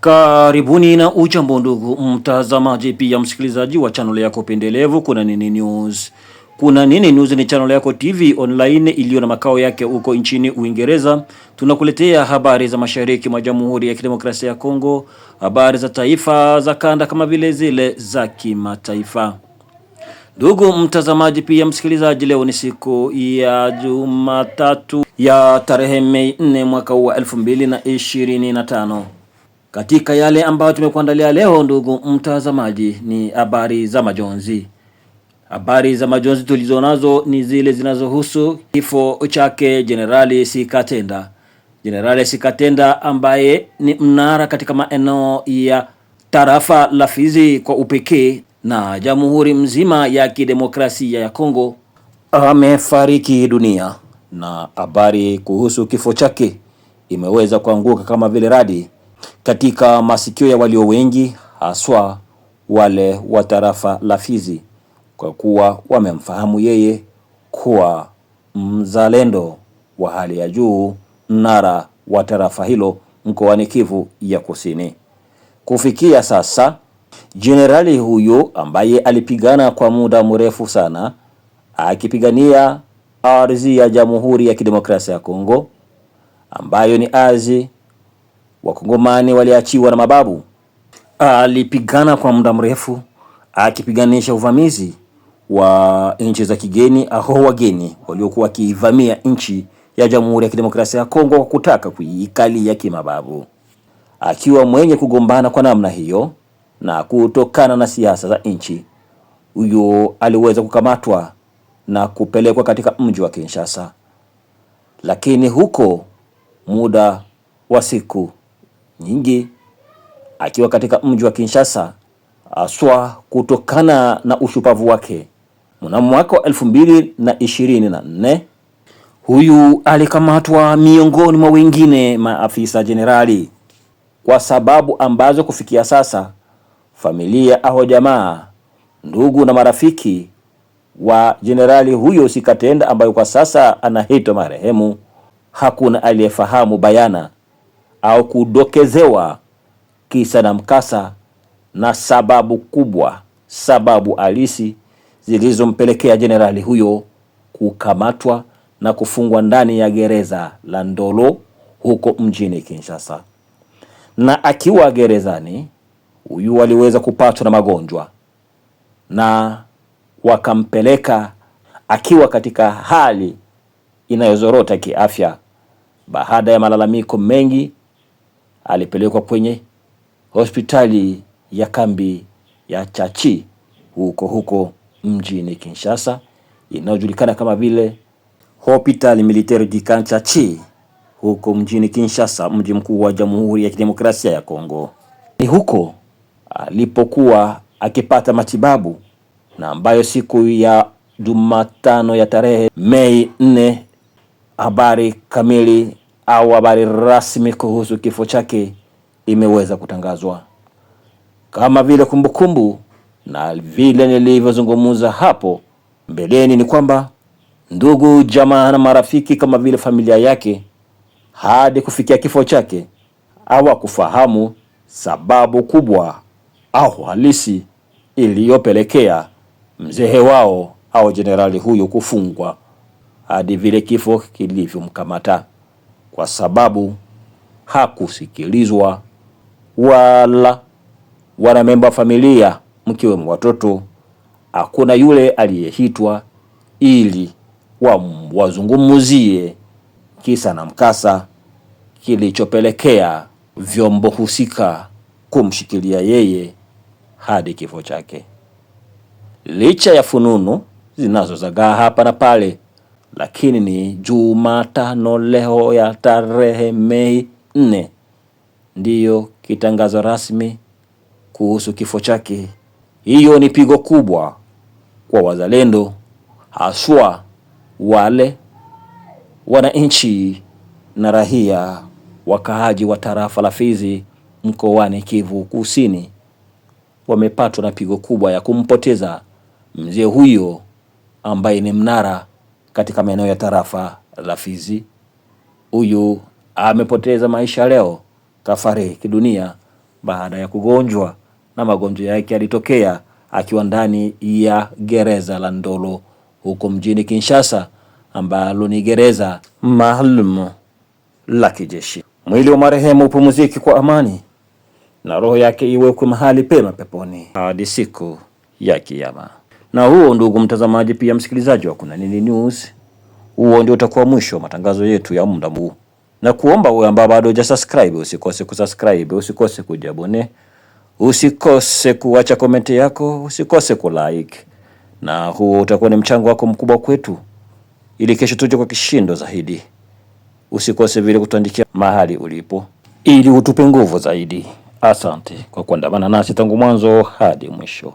Karibuni na ujambo ndugu mtazamaji, pia msikilizaji wa channel yako pendelevu Kuna Nini News. Kuna Nini News ni channel yako TV online iliyo na makao yake huko nchini Uingereza. Tunakuletea habari za mashariki mwa Jamhuri ya Kidemokrasia ya Kongo, habari za taifa, za kanda, kama vile zile za kimataifa. Ndugu mtazamaji pia msikilizaji, leo ni siku ya Jumatatu ya tarehe Mei 4 mwaka huu wa 2025. Katika yale ambayo tumekuandalia leo, ndugu mtazamaji, ni habari za majonzi. Habari za majonzi tulizo nazo ni zile zinazohusu kifo chake Jenerali Sikatenda. Jenerali Sikatenda ambaye ni mnara katika maeneo ya tarafa la Fizi kwa upekee na jamhuri mzima ya kidemokrasia ya Kongo amefariki dunia, na habari kuhusu kifo chake imeweza kuanguka kama vile radi katika masikio ya walio wengi, haswa wale wa tarafa la Fizi, kwa kuwa wamemfahamu yeye kuwa mzalendo wa hali ya juu, mnara wa tarafa hilo mkoani Kivu ya Kusini. Kufikia sasa, jenerali huyu ambaye alipigana kwa muda mrefu sana akipigania ardhi ya Jamhuri ya Kidemokrasia ya Kongo ambayo ni ardhi Wakongomani waliachiwa na mababu. Alipigana kwa muda mrefu akipiganisha uvamizi wa nchi za kigeni au wageni waliokuwa wakivamia nchi ya Jamhuri ya Kidemokrasia ya Kongo kwa kutaka kuikalia kimababu, akiwa mwenye kugombana kwa namna hiyo na kutokana na siasa za nchi huyo aliweza kukamatwa na kupelekwa katika mji wa Kinshasa, lakini huko muda wa siku nyingi akiwa katika mji wa Kinshasa, aswa kutokana na ushupavu wake. Mnamo mwaka wa elfu mbili na ishirini na nne huyu alikamatwa miongoni mwa wengine maafisa jenerali kwa sababu ambazo kufikia sasa familia au jamaa, ndugu na marafiki wa jenerali huyo Sikatenda, ambayo kwa sasa anaitwa marehemu, hakuna aliyefahamu bayana au kudokezewa kisa na mkasa na sababu kubwa, sababu halisi zilizompelekea jenerali huyo kukamatwa na kufungwa ndani ya gereza la Ndolo huko mjini Kinshasa. Na akiwa gerezani, huyu aliweza kupatwa na magonjwa na wakampeleka akiwa katika hali inayozorota kiafya baada ya malalamiko mengi alipelekwa kwenye hospitali ya kambi ya Chachi huko huko mjini Kinshasa inayojulikana kama vile Hopital Militaire du Camp Chachi huko mjini Kinshasa, mji mkuu wa Jamhuri ya Kidemokrasia ya Kongo. Ni huko alipokuwa akipata matibabu na ambayo siku ya Jumatano ya tarehe Mei 4 habari kamili au habari rasmi kuhusu kifo chake imeweza kutangazwa. Kama vile kumbukumbu na vile nilivyozungumza hapo mbeleni, ni kwamba ndugu, jamaa na marafiki kama vile familia yake hadi kufikia kifo chake hawakufahamu sababu kubwa au halisi iliyopelekea mzee wao au jenerali huyu kufungwa hadi vile kifo kilivyomkamata kwa sababu hakusikilizwa wala wanamemba familia mkiwemo watoto, hakuna yule aliyehitwa ili wazungumzie kisa na mkasa kilichopelekea vyombo husika kumshikilia yeye hadi kifo chake, licha ya fununu zinazozagaa hapa na pale lakini ni Jumatano leo ya tarehe Mei nne ndiyo kitangazo rasmi kuhusu kifo chake. Hiyo ni pigo kubwa kwa wazalendo, haswa wale wananchi na raia wakaaji wa tarafa la Fizi mkoani Kivu Kusini wamepatwa na pigo kubwa ya kumpoteza mzee huyo ambaye ni mnara katika maeneo ya tarafa la Fizi. Huyu amepoteza maisha leo, kafariki dunia baada ya kugonjwa na magonjwa yake yalitokea akiwa ndani ya gereza la Ndolo huko mjini Kinshasa, ambalo ni gereza maalum la kijeshi. Mwili wa marehemu upumzike kwa amani na roho yake iwekwe mahali pema peponi hadi siku ya Kiyama. Na huo ndugu mtazamaji, pia msikilizaji wa Kuna Nini News, huo ndio utakuwa mwisho wa matangazo yetu ya muda huu, na kuomba wewe ambaye bado hujasubscribe usikose kusubscribe, usikose kujabone, usikose kuacha komenti yako, usikose kulike, na huo utakuwa ni mchango wako mkubwa kwetu, ili kesho tuje kwa kishindo zaidi. Usikose vile kutuandikia mahali ulipo, ili utupe nguvu zaidi. Asante kwa kuandamana nasi tangu mwanzo hadi mwisho.